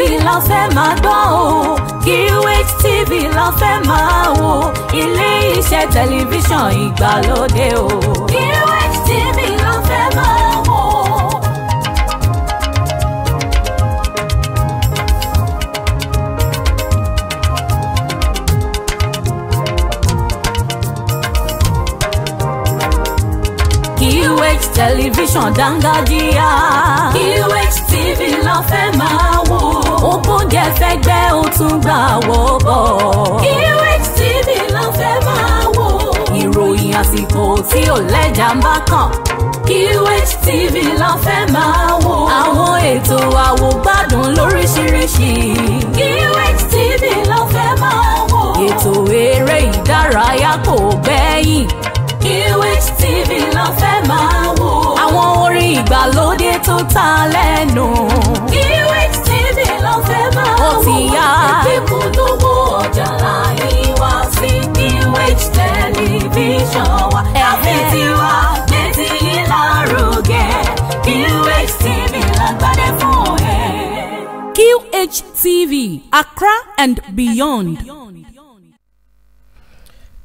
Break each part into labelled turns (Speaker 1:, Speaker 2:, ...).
Speaker 1: TV la fẹ́ máa gbọ́ o Giriweight TV la fẹ́ máa wo ilé iṣẹ́ tẹlifíṣàn ìgbàlódé o. Giriweight TV la fẹ́ máa wo. Giriweight tẹlifíṣàn dángájíá Giriweight TV la fẹ́ máa tún gbà wọ́pọ̀. QH TV la fẹ́ máa wò. ìròyìn àsìkò tí ò lẹ́jà ń bá kàn. QH TV la fẹ́ máa wò. àwọn ètò àwògbádùn lóríṣiríṣi. QH TV la fẹ́ máa wò. ètò eré ìdárayá kò gbẹ́yìn. QH TV la fẹ́ máa wò. àwọn orin ìgbàlódé tó ta lẹ́nu. QH
Speaker 2: QHTV Accra and beyond.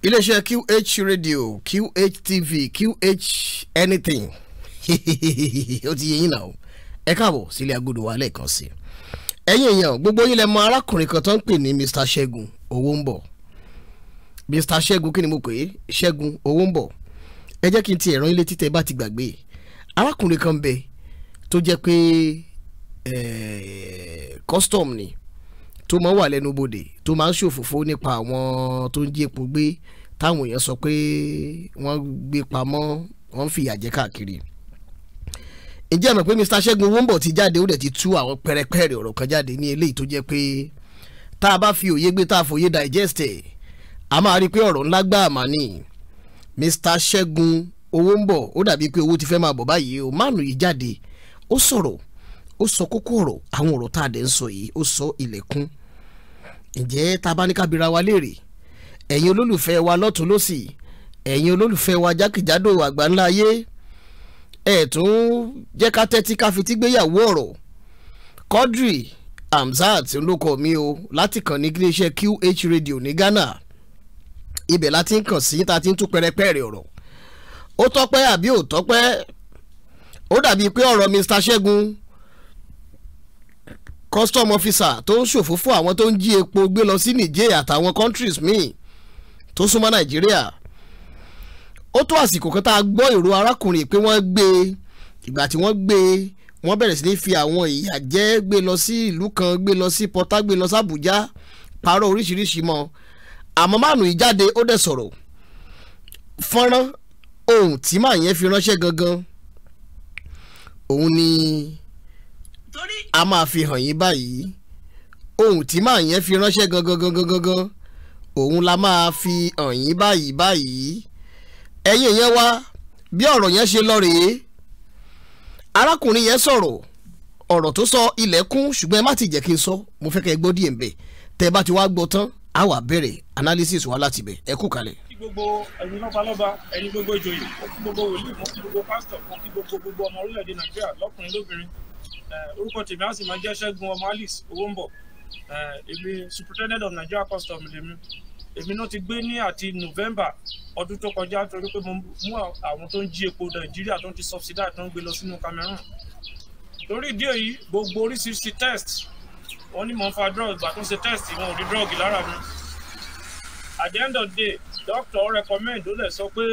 Speaker 2: iléeṣẹ́ QH radio QH TV QH anything ó ti yẹ yín náà ẹ káàbọ̀ sílé agodo wa lẹ́ẹ̀kan sí i ẹ̀yin èèyàn gbogbo yín lẹ mọ arákùnrin kan tó ń pè ní Mr. Ṣẹ́gun owó ń bọ̀ Mr. Ṣẹ́gun kí ni mo pè é Ṣẹ́gun owó ń bọ̀ ẹ jẹ́ kí n ti ẹ̀rọ ilé títẹ̀ bá ti gbàgbé arákùnrin kan bẹ tó jẹ́ pé. Pe Eh, custom ni tó máa wà lẹ́nu bodè tó máa ń ṣòfófó nípa àwọn tó ń jí epo gbé táwọn èèyàn sọ pé wọ́n gbé pamọ́ wọ́n ń fìyà káàkiri ǹjẹ́ àmọ̀ pé Mr. Ṣẹ́gun Owónbọ̀ ti jáde ó dẹ̀ ti tú àwọn pẹ̀rẹ̀pẹ̀rẹ̀ ọ̀rọ̀ kan jáde ní eléyìí tó jẹ́ pé tá a bá fi òye gbé tá a fòye digest ẹ̀ a máa rí i pé ọ̀rọ̀ ńlá gbáà mà ní Mr. Ṣẹ́gun Owónbọ̀ ó dàbí pé owó ti fẹ́ máa bọ̀ báyìí o mánu yìí jáde ó sọ̀rọ̀ ó sọ kókó ọ̀rọ̀ àwọn ọ̀rọ̀ tá a dẹ̀ ń sọ yìí ó sọ ilẹ̀kùn ǹjẹ́ tá bá ní ká wa léèrè ẹ̀yin olólùfẹ́ wa lọ́tún lọ́sì ẹ̀yin olólùfẹ́ wa jákèjádò àgbáńlá ayé ẹ̀ tún jẹ́ ká tẹ́tí ká fi tígbéyàwó ọ̀rọ̀ Quadri Hamzat olóko mi o láti kàn ní iléeṣẹ́ QH Radio ní Ghana ibẹ̀ láti ń kàn sí ta ti ń tú pẹrẹpẹrẹ ọ̀rọ̀ ó tọ́pẹ́ àbí ò tọ́pẹ́ ó dàbíi pé ọ̀rọ̀ Mr. Ṣẹ́gun custom officer tó ń ṣòfò fún àwọn tó ń jí epo gbé lọ sí Niger àtàwọn countries míì tó súnmọ́ Nàìjíríà ó tó àsìkò kan tá a gbọ́ ìró arákùnrin pé wọ́n gbé ìgbà tí wọ́n gbé wọ́n bẹ̀rẹ̀ sí ní fi àwọn ìyà jẹ gbé lọ sí ìlú kan gbé lọ sí pọ́tà gbé lọ sí Àbújá parọ́ oríṣiríṣi mọ́ àmọ́ mánu ìjáde ó dẹ̀ sọ̀rọ̀ fọ́nrán ohun tí màá yẹn fi ránṣẹ́ gangan òun ni a máa fi hàn yín báyìí ohun tí màá yẹn fi ránṣẹ́ gangan gangan gangan òun la máa fi hàn yín báyìí báyìí ẹ̀yin yẹn wá bí ọ̀rọ̀ yẹn ṣe lọ rèé arákùnrin yẹn sọ̀rọ̀ ọ̀rọ̀ tó sọ ilẹ̀kùn ṣùgbọ́n ẹ má ti jẹ́ kí n sọ mo fẹ́ kẹ́ ẹ gbọ́ díẹ̀ ń bẹ̀ tẹ́ ẹ bá ti wá gbọ́ tán á wá bẹ̀rẹ̀ analysis wa láti bẹ̀ ẹ kú kalẹ̀.
Speaker 3: kí gbogbo ẹ̀yin lọ́balọ́ba ẹ̀yin gbogbo ìjòyè kí gbogbo wòlíì kí gbogbo pásítọ̀ kí gbogbo gbogbo ọmọ orílẹ̀-èdè nàìjíríà lọ́kùnrin lóbìnrin Eh, orúkọ tèmi á sì máa jẹ́ ṣẹ́gun ọmọ alice owóǹbọ̀ eh, èmi superintendent of nigeria custom lèmi èmi náà ti gbé ní àti november ọdún tó kọjá torí pé mo mú àwọn tó ń jí epo nàìjíríà tó ń ti subsidize tó ń gbé lọ sínú cameroon torí ìdí èyí gbogbo oríṣiríṣi test wọ́n ní mo ń fa drug ìgbà tó ń ṣe test wọn ò rí drug lára mi at the end of the day doctor recommend ó lè sọ pé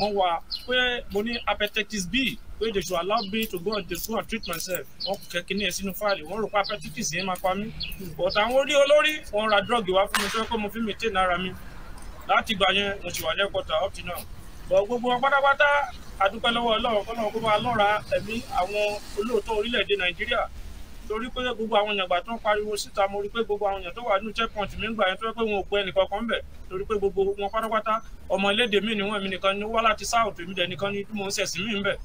Speaker 3: wọ́n wá pé mo ní hepatitis B pé they should allow me to go to school and treat myself wọ́n kò kẹ́kẹ́ ní ẹ̀ sínú fáìlì wọ́n rò pé hepatitis yẹn máa pa mí but àwọn orí olórí wọ́n ra drug wá fún mi tó yẹ kó mo fi mi tèè nára mi láti ìgbà yẹn mo sì wà lẹ́kọ̀ọ́ta up to now but gbogbo wọn pátápátá a dúpẹ́ lọ́wọ́ Ọlọ́run kọ́lọ́run kó bá lọ́ra ẹ̀mí àwọn olóòótọ́ orílẹ̀-èdè Nàìjíríà torí pé gbogbo àwọn èèyàn gbà tó ń pariwo síta mo rí pé gbogbo àwọn èèyàn tó wà nínú checkpoint mi ń gbà yẹn tó yẹ pé wọn ò pe ẹnìkankan ń bẹ̀ torí pé gbogbo wọn pátápátá ọmọ ilédè mi ni wọn èmi nìkan ni wá láti south èmi dẹ̀ nìkan ni bí mo ń ṣẹ̀sìn mi ń bẹ̀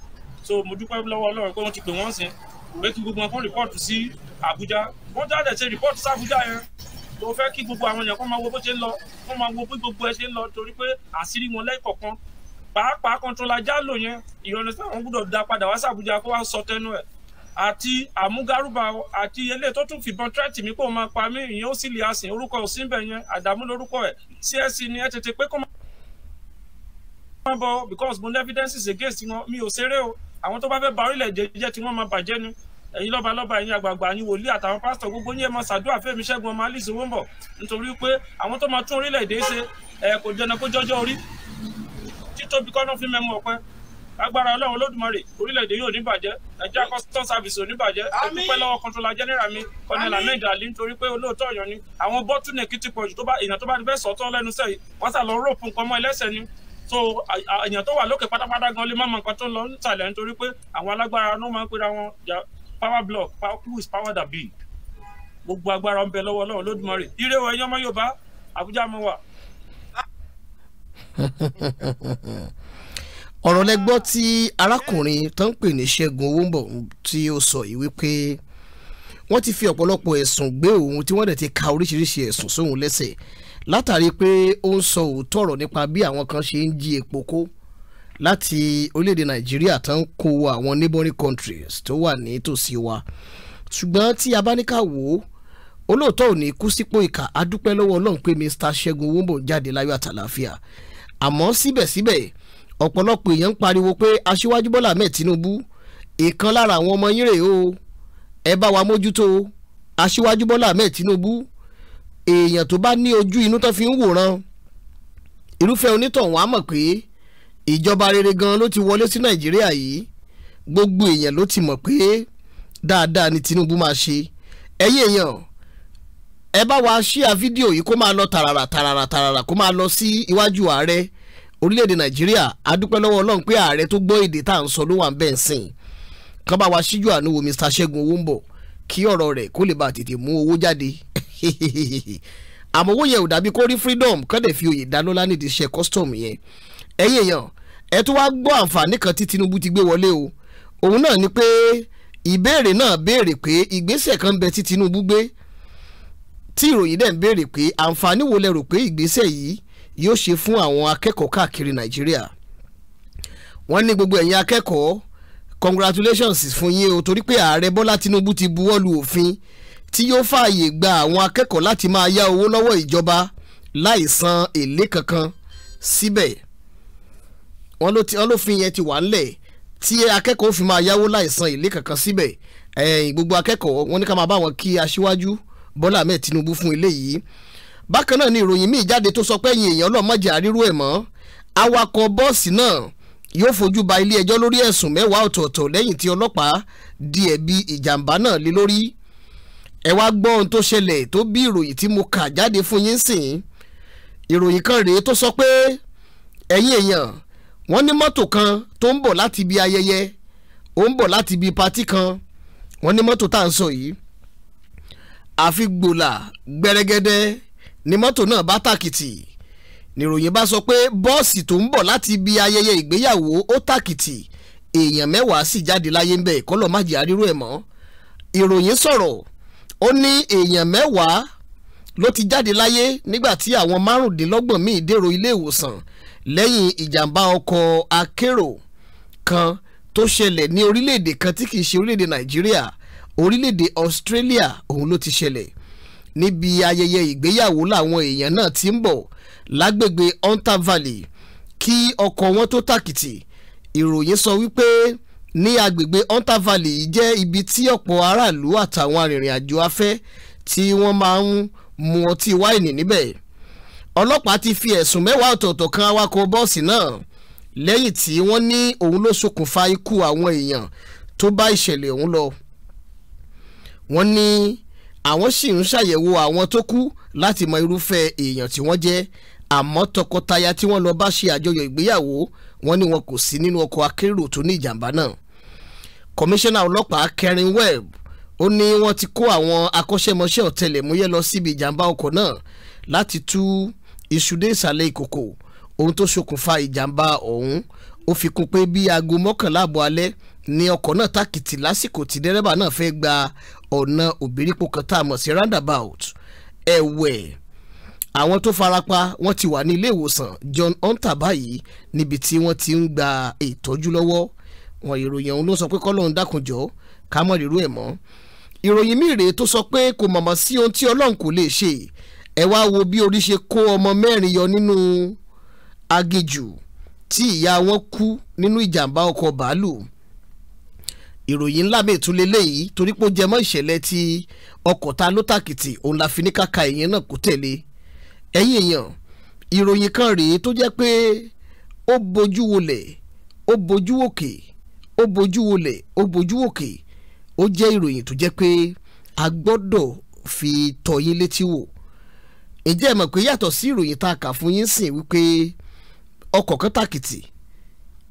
Speaker 3: so mo dúpẹ́ lọ́wọ́ Ọlọ́run pé wọ́n ti pè wọ́n sìn pé kí gbogbo wọn kó rìpọ́ọ̀tù sí Àbújá wọ́n jáde ṣe rìpọ́ọ̀tù sí Àbújá yẹn mo fẹ́ kí gbogbo àwọn èèyàn kó máa wo bó ṣe ń lọ kó máa wo bí gbogbo ẹ ṣe ń lọ torí pé àṣírí da padà wá sí Àbújá kó àti àmúgárùbà àti eléyìí tó tún fìbọn tírẹ́tì mi kó o máa pa mí ìyẹn ó sì lè asìn orúkọ òsínbẹ̀ yẹn àdàmú lórúkọ ẹ̀ csc e ni ẹ tètè pé kó máa bọ because mo ní evidences against wọn mi ò ṣeré o àwọn tó bá fẹ́ ba orílẹ̀-èdè jẹ́ tí wọ́n máa bàjẹ́ ni ẹ̀yin lọ́ba lọ́ba ẹ̀yin àgbààgbà ẹ̀yin wòlíì àtàwọn pásítọ̀ gbogbo yín ẹ̀ máa ṣàdúrà fẹ́mi ṣẹ́gun ọmọ alice wọ́nbọ̀ nítorí pé àwọn tó máa tún orílẹ̀-èdè ṣe ẹ̀ kò jẹ́nà kó jọjọ́ orí títóbi kọ́nà fún mẹ́mú ọ̀pẹ́ agbára ọlọ́run olódùmarè orílẹ̀-èdè yóò ní bàjẹ́ nàìjíríà custom service ò ní bàjẹ́ ẹ̀dúpẹ́ lọ́wọ́ kọ́ńtọ́lá general mi kọ́ni lamed ali nítorí pé olóòótọ́ ọ̀yọ́ ni àwọn bọ́túnẹ̀kì ti pọ̀jù tó bá èèyàn tó bá ti fẹ́ sọ̀tọ́ lẹ́nu sẹ́yìn wọ́n sà lọ rọ́ọ̀pù nǹkan mọ́ ẹlẹ́sẹ̀ ni so èèyàn tó wà lókè pátápátá gan lè má mọ nǹkan tó ń lọ nísàlẹ̀ nítorí pé àwọn alágbára náà máa power block who is power that be gbogbo agbára ń bẹ lọ́wọ́ ọlọ́run lódùmarè ire wọ ẹ̀yán ọmọ yorùbá àbújá mo wà.
Speaker 2: ọ̀rọ̀ lẹ́gbọ́ tí arákùnrin tó ń pè ní Ṣẹ́gun Owónbọ̀ tí ó sọ yìí wípé wọ́n ti fi ọ̀pọ̀lọpọ̀ ẹ̀sùn gbé òun tí wọ́n dẹ̀ ti ka oríṣiríṣi ẹ̀sùn sóhun lẹ́sẹ̀ látàrí pé ó ń sọ òótọ́ ọ̀rọ̀ nípa bí àwọn kan ṣe ń jí epo kó láti orílẹ̀-èdè Nàìjíríà tó ń kó àwọn neighboring countries tó wà nítòsí wa ṣùgbọ́n tí a bá ní ká wò ó olóòótọ́ ò ní kú sípò ìkà adúpẹ́ lọ́wọ́ Ọlọ́run pé Mr. Ṣẹ́gun Owónbọ̀ jáde láyọ̀ àtàlàáfíà àmọ́ síbẹ̀síbẹ̀ ọ̀pọ̀lọpọ̀ èèyàn ń pariwo pé aṣíwájú Bọ́lá Ahmed Tinubu ìkan lára àwọn ọmọ yín rèé o ẹ bá wa mójútó aṣíwájú Bọ́lá Ahmed Tinubu èèyàn tó bá ní ojú inú tó fi ń wòran irúfẹ́ onítọ̀hún á mọ̀ pé ìjọba rere gan ló ti wọlé sí Nàìjíríà yìí gbogbo èèyàn ló ti mọ̀ pé dáadáa ni Tinubu máa ṣe ẹ̀yin èèyàn ẹ bá wa ṣíà fídíò yìí kó máa lọ tàràrà tàràrà tàràrà kó máa lọ sí iwájú ààrẹ orílẹ̀-èdè nàìjíríà adúpẹ́ lọ́wọ́ ọlọ́run pé ààrẹ tó gbọ́ èdè tá à ń sọ ló wà ń bẹ́ẹ̀ sìn kán bá wa síjú àánú wo Mr. Ṣẹ́gun Owónbọ kí ọ̀rọ̀ rẹ̀ kó lè bá tètè mú owó jáde àmọ́ owó yẹn ò dàbí kó rí freedom kán dẹ̀ fi òye dálọ́lá nídìí iṣẹ́ custom yẹn ẹ̀yin èèyàn ẹ tún wá gbọ́ àǹfààní kan tí Tinubu ti gbé wọlé o òun náà ni pé ìbéèrè náà béèrè pé ìgbésẹ̀ kan bẹ tí Tinubu gbé tí ìròyìn dẹ̀ ń béèrè pé àǹfààní wo lẹ rò pé ìgbésẹ̀ yìí yóò ṣe fún àwọn akẹ́kọ̀ọ́ káàkiri nàìjíríà wọ́n ní gbogbo ẹ̀yin akẹ́kọ̀ọ́ congratulations fún yín o torí pé ààrẹ bọ́lá tinubu ti buwọ́ lu òfin tí yóò fààyè gba àwọn akẹ́kọ̀ọ́ láti máa yá owó lọ́wọ́ ìjọba láì san èlé kankan síbẹ̀ wọ́n lófin yẹn ti wà ńlẹ̀ tí akẹ́kọ̀ọ́ fi máa yáwó láì san èlé kankan síbẹ̀ gbogbo akẹ́kọ̀ọ́ wọ́n ní ká máa bá wọn kí aṣíwájú bọ́lá ahmed tinubu fún eléyìí bákan náà ni ìròyìn míì jáde tó sọ pé ẹ̀yin èèyàn ọlọ́mọdé àrírú ẹ̀ mọ́ awakọ̀ bọ́ọ̀sì náà yóò fojú ba ilé ẹjọ́ lórí ẹ̀sùn mẹ́wàá ọ̀tọ̀ọ̀tọ̀ lẹ́yìn tí ọlọ́pàá di ẹ̀bi ìjàmbá náà lé lórí ẹ wá gbọ́ ohun tó ṣẹlẹ̀ tó bí ìròyìn tí mo kà jáde fún yín sìn ìròyìn kan rèé tó sọ pé ẹ̀yin èèyàn wọ́n ní mọ́tò kan tó ń bọ̀ láti ibi ayẹyẹ ó ń bọ̀ láti ibi patí kan wọ́n ní mọ́tò tá à ń sọ yìí àfi gbòòlà gbẹrẹgẹdẹ ni mọ́tò náà bá tàkìtì níròyìn bá sọ pé bọ́ọ̀sì tó ń bọ̀ láti ibi ayẹyẹ ìgbéyàwó ó tàkìtì èèyàn mẹ́wàá sì jáde láyé ń bẹ ìkọ́lọ̀ má jìyà rírú ẹ̀ mọ́ ìròyìn sọ̀rọ̀ ó ní èèyàn mẹ́wàá ló ti jáde láyé nígbà tí àwọn márùndínlọ́gbọ̀n míì dèrò ilé ìwòsàn lẹ́yìn ìjàmbá ọkọ̀ akérò kan tó ṣẹlẹ̀ ní orílẹ̀-èdè kan tí kì í ṣe orílẹ̀-èdè Nàìjíríà orílẹ̀-èdè Australia òun ló ti ṣẹlẹ̀ níbi ayẹyẹ ìgbéyàwó làwọn èèyàn náà ti ń bọ̀ lágbègbè Hunter Valley kí ọkọ̀ wọn tó tàkìtì ìròyìn sọ wípé ní agbègbè Hunter Valley jẹ́ ibi tí ọ̀pọ̀ aráàlú àtàwọn arìnrìn àjò afẹ́ tí wọ́n máa ń mu ọtí wáìnì níbẹ̀ ọlọ́pàá ti fi ẹ̀sùn mẹ́wàá ọ̀tọ̀ọ̀tọ̀ kan awakọ̀ bọ́ọ̀sì náà lẹ́yìn tí wọ́n ní òun ló ṣokùnfà ikú àwọn èèyàn tó bá ìṣẹ̀lẹ̀ ọ̀hún lọ wọ́n ní àwọn sì ń ṣàyẹ̀wò àwọn tó kú láti mọ irúfẹ́ èèyàn tí wọ́n jẹ́ àmọ́ tọkọtaya tí wọ́n lọ bá ṣe àjọyọ̀ ìgbéyàwó wọn ni wọn kò sí nínú ọkọ̀ akérò tó ní ìjàmbá náà kọmíṣánná ọlọ́pàá Karen Webb ó ní wọ́n ti kó àwọn akọ́ṣẹ́mọṣẹ́ ọ̀tẹlẹ̀múyẹ́ lọ síbi ìjàmbá ọkọ̀ náà láti tú iṣu dé ìsàlẹ̀ ìkòkò ohun tó ṣokùnfà ìjàmbá ọ̀hún ó fi kún pé bí aago mọ́kànlá àbọ̀ alẹ́ ni ọkọ̀ náà tàkìtì lásìkò tí dẹ́rẹ́bà náà fẹ́ gba ọ̀nà òbírípo kan tá a mọ̀ sí roundabout ẹ̀wẹ̀ àwọn tó farapa wọ́n ti wà ní ilé ìwòsàn John Hunter báyìí níbi tí wọ́n ti ń gba ìtọ́jú lọ́wọ́ wọn ìròyìn ọ̀hún ló sọ pé kọ́lọ́hún dákunjọ́ ká mọ̀ rírú ẹ̀ mọ́ ìròyìn míì rèé tó sọ pé kò mọ̀mọ́ sí ohun tí ọlọ́run kò lè ṣe ẹ wá wo bí orí ṣe kó ọmọ mẹ́rin yọ nínú aginjù tí ìyá wọn kú nínú ìjàmbá ọkọ̀ bàálù ìròyìn ńlá mi ìtúlẹ̀ léyìí torí pé ó jẹ mọ́ ìṣẹ̀lẹ̀ ti ọkọ̀ ta ló tàkìtì òun la fi ní kàkà ìyẹn náà kó tẹ̀lé ẹ̀yìn èèyàn ìròyìn kan rèé tó jẹ́ pé ó bojú wolẹ̀ ó bojú òkè ó bojú wolẹ̀ ó bojú òkè ó jẹ́ ìròyìn tó jẹ́ pé a gbọ́dọ̀ fi tọ́ yín létí wò ǹjẹ́ ẹ mọ̀ pé yàtọ̀ sí ìròyìn tá a kà fún yín sìn wípé ọkọ̀ kan tàkìtì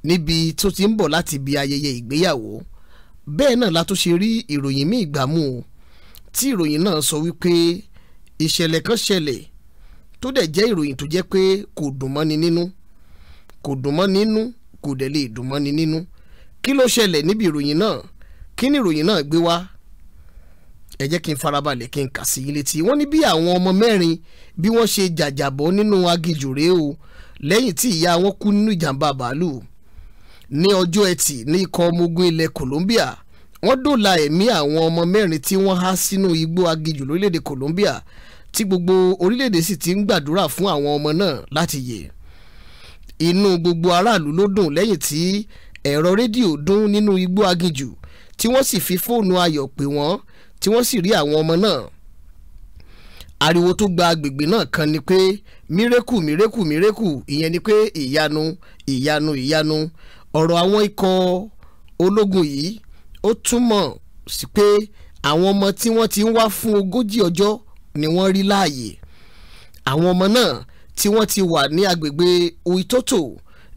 Speaker 2: níbi tó ti ń bọ̀ láti ibi ayẹyẹ ìgbéyàwó bẹ́ẹ̀ náà la tún ṣe rí ìròyìn míì gbàmú o tí ìròyìn náà sọ wípé ìṣẹ̀lẹ̀ kan ṣẹlẹ̀ tó dẹ̀ jẹ́ ìròyìn tó jẹ́ pé kò dùn mọ́ni nínú kò dùn mọ́ni nínú kò dẹ̀ lè dùn mọ́ni nínú kí ló ṣẹlẹ̀ níbi ìròyìn náà kí ni ìròyìn náà gbé wá ẹ jẹ́ kí n farabalẹ̀ kí n kà sí ilé tí wọ́n ní bí àwọn ọmọ mẹ́rin bí wọ́n ṣe jàjàbọ́ nínú aginjù rèé o lẹ́yìn tí ìyá wọn kú nínú ìjàmbá bàálù ní ọjọ́ ẹtì ní ikọ̀ ọmọ ilẹ̀ Colombia wọ́n dóòlà ẹ̀mí àwọn ọmọ mẹ́rin tí wọ́n há sínú igbó agijù lórílẹ̀‐èdè Colombia tí gbogbo orílẹ̀‐èdè sì ti ń gbàdúrà fún àwọn ọmọ náà láti yè inú gbogbo aráàlú ló dùn lẹ́yìn tí ẹ̀rọ rédíò dún nínú igbó agijù tí wọ́n sì fi fóònù ayọ̀ pè wọ́n tí wọ́n sì rí àwọn ọmọ náà ariwo tó gba agbègbè náà kan ni pé mireku mireku mireku ìyẹn ni pé ìyanu ìyanu ìyanu ọ̀rọ̀ àwọn ikọ̀ ológun yìí ó túmọ̀ sí pé àwọn ọmọ tí wọ́n ti ń wá fún ogójì ọjọ́ ni wọ́n rí láàyè àwọn ọmọ náà tí wọ́n ti wà ní agbègbè Uitoto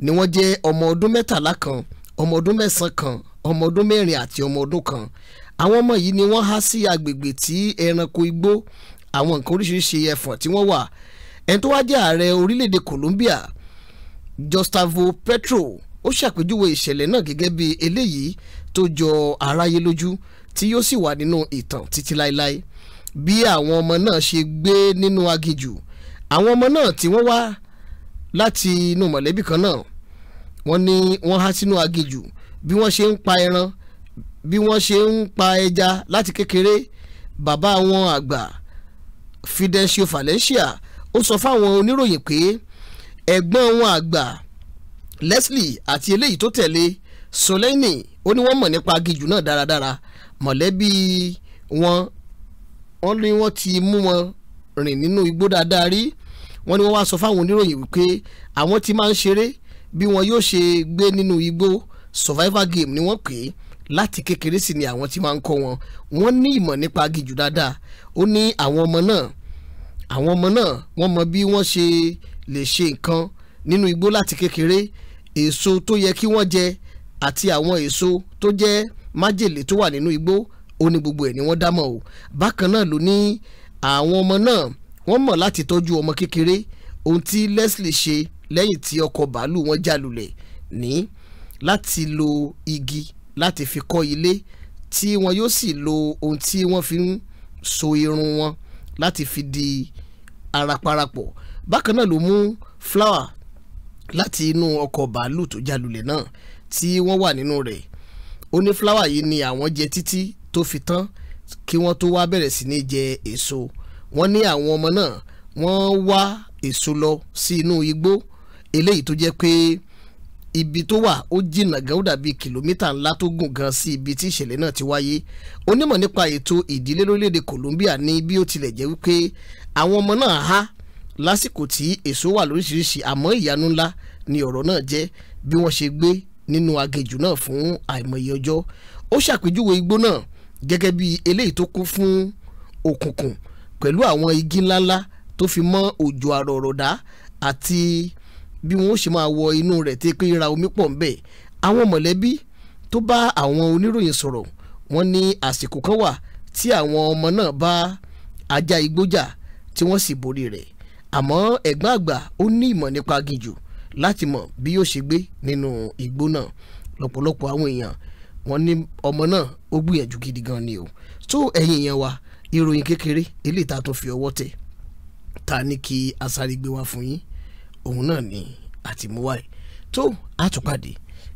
Speaker 2: ni wọ́n jẹ́ ọmọ ọdún mẹ́tàlá kan ọmọ ọdún mẹ́sàn-án kan ọmọ ọdún mẹ́rin àti ọmọ ọdún kan àwọn ọmọ yìí ni wọ́n há sí agbègbè tí ẹranko igbó àwọn nǹkan oríṣiríṣi ẹ̀fọ̀n tí wọ́n wà ẹni tó wá jẹ́ ààrẹ orílẹ̀-èdè Colombia Gustavo Petro ó ṣàpèjúwe ìṣẹ̀lẹ̀ náà gẹ́gẹ́ bí eléyìí tó jọ aráyé lójú tí yóò sì wà nínú ìtàn títí láéláé bí àwọn ọmọ náà ṣe gbé nínú aginjù àwọn ọmọ náà tí wọ́n wá láti inú mọ̀lẹ́bí kan náà wọ́n ní wọ́n há sínú aginjù bí wọ́n ṣe ń pa ẹran bí wọ́n ṣe ń pa ẹja láti kékeré bàbá wọn àgbà Fidencio Valencia ó sọ fáwọn oníròyìn pé ẹ̀gbọ́n wọn àgbà Leslie àti eléyìí tó tẹ̀lé Soleini ó ní wọ́n mọ̀ nípa agijù náà dáradára mọ̀lẹ́bí wọn wọ́n ní wọ́n ti mú wọn rìn nínú igbó dáadáa rí wọ́n ní wọ́n wá sọ fáwọn oníròyìn wípé àwọn ti máa ń ṣeré bí wọn yóò ṣe gbé nínú igbó survival game ni wọ́n pè é láti kékeré sí ni àwọn ti máa ń kọ́ wọn wọ́n ní ìmọ̀ nípa agijù dáadáa ó ní àwọn ọmọ náà àwọn ọmọ náà wọ́n mọ bí wọ́n ṣe lè ṣe nǹkan nínú igbó láti kékeré èso tó yẹ kí wọ́n jẹ àti àwọn èso tó jẹ́ májèlé tó wà nínú igbó ó gbogbo ẹ̀ ni wọ́n dámọ̀ o bákan náà ló ní àwọn ọmọ náà wọ́n mọ̀ láti tọ́jú ọmọ kékeré ohun tí Leslie ṣe lẹ́yìn tí ọkọ̀ bàálù wọn já ní láti lo igi láti fi kọ́ ilé tí wọn yóò sì lo ohun tí wọ́n fi ń so irun wọn láti fi di ara bákan náà ló mú flower láti inú ọkọ̀ bàálù tó jalulẹ̀ náà tí wọ́n wà nínú rẹ̀ ó ní fúláwà yìí ni àwọn jẹ títí tó fi tán kí wọ́n tó wá bẹ̀rẹ̀ sí ní jẹ èso wọ́n ní àwọn ọmọ náà wọ́n wá èso lọ sí inú igbó eléyìí tó jẹ́ pé ibi tó wà ó jìnnà gan ó dàbí kìlómítà ńlá tó gùn gan sí ibi tí ìṣẹ̀lẹ̀ náà ti wáyé onímọ̀ nípa ètò ìdílé lórílẹ̀‐èdè Colombia ní bí ó tilẹ̀ jẹ́ wípé àwọn ọmọ náà há lásìkò tí èso wà lóríṣiríṣi àmọ́ ìyanu ńlá ni ọ̀rọ̀ náà jẹ́ bí wọ́n ṣe gbé nínú agejù náà fún àìmọye ọjọ́ ó ṣàpèjúwe igbó náà gẹ́gẹ́ bí eléyìí tó kún fún òkùnkùn pẹ̀lú àwọn igi ńláńlá tó fi mọ́ òjò àrọ̀rọ̀dá àti bí wọ́n ṣe máa wọ inú rẹ̀ tí pé ra omi pọ̀ ńbẹ̀ àwọn mọ̀lẹ́bí tó bá àwọn oníròyìn sọ̀rọ̀ wọ́n ní àsìkò kan wà tí àwọn ọmọ náà bá ajá igbó jà tí wọ́n sì borí rẹ̀ àmọ́ ẹ̀gbọ́n àgbà ó ní ìmọ̀ nípa aginjù láti mọ̀ bí yóò ṣe gbé nínú igbó náà lọ́pọ̀lọpọ̀ àwọn èèyàn wọ́n ní ọmọ náà ó gbìyànjú gidi gan ni o tó ẹ̀yin èèyàn wa ìròyìn kékeré eléyìí tá a tún fi ọwọ́ tẹ̀ ta ní kí asáré gbé wá fún yín òun náà ni àtìmúwáì tó àtúpàdé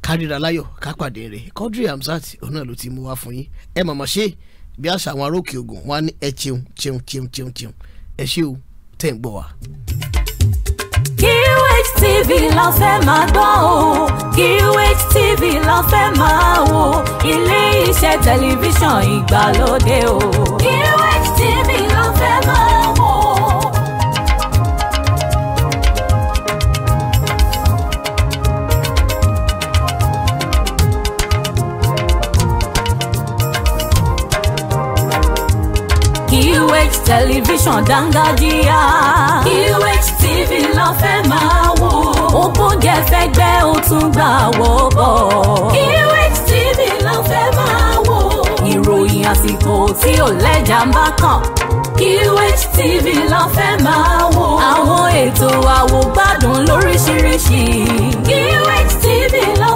Speaker 2: kárìíra láyọ̀ kápàdé rẹ̀ Quadri Hamzat òun náà ló ti mú wá fún yín ẹ màmá ṣe bí àṣà àwọn aróòkè ogun wọn á ní ẹ cheun cheun cheun cheun cheun ẹ ṣé o tẹ̀ ń gbọ́ wa.
Speaker 1: QH TV la fẹ́ máa gbọ́ o
Speaker 2: QH TV
Speaker 1: la fẹ́ máa wo ilé iṣẹ́ tẹlifíṣàn ìgbàlódé o QH TV la tẹlifíṣàn dáńgájíá. QHTV ló fẹ́ máa wò. ògbóǹgẹ̀ fẹ́gbẹ́ ó tún gbà wọ́ bọ̀. QHTV ló fẹ́ máa wò. ìròyìn àsìkò tí ò lẹ́jà ń bá kàn. QHTV ló fẹ́ máa wò. àwọn ètò àwògbádùn lóríṣiríṣi. QHTV ló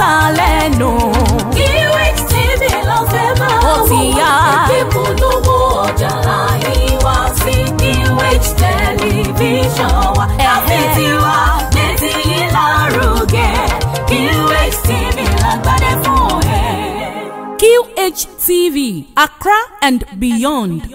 Speaker 1: ta lẹ́nu. QH TV ló fẹ́ máa wò ó ti yá. ìpolówó ọjà láyé wá sí QH tẹlifíṣàn wa. tàbí tiwa létí yín lárugẹ QH TV lágbádẹ fún ẹ. QH TV Accra and beyond.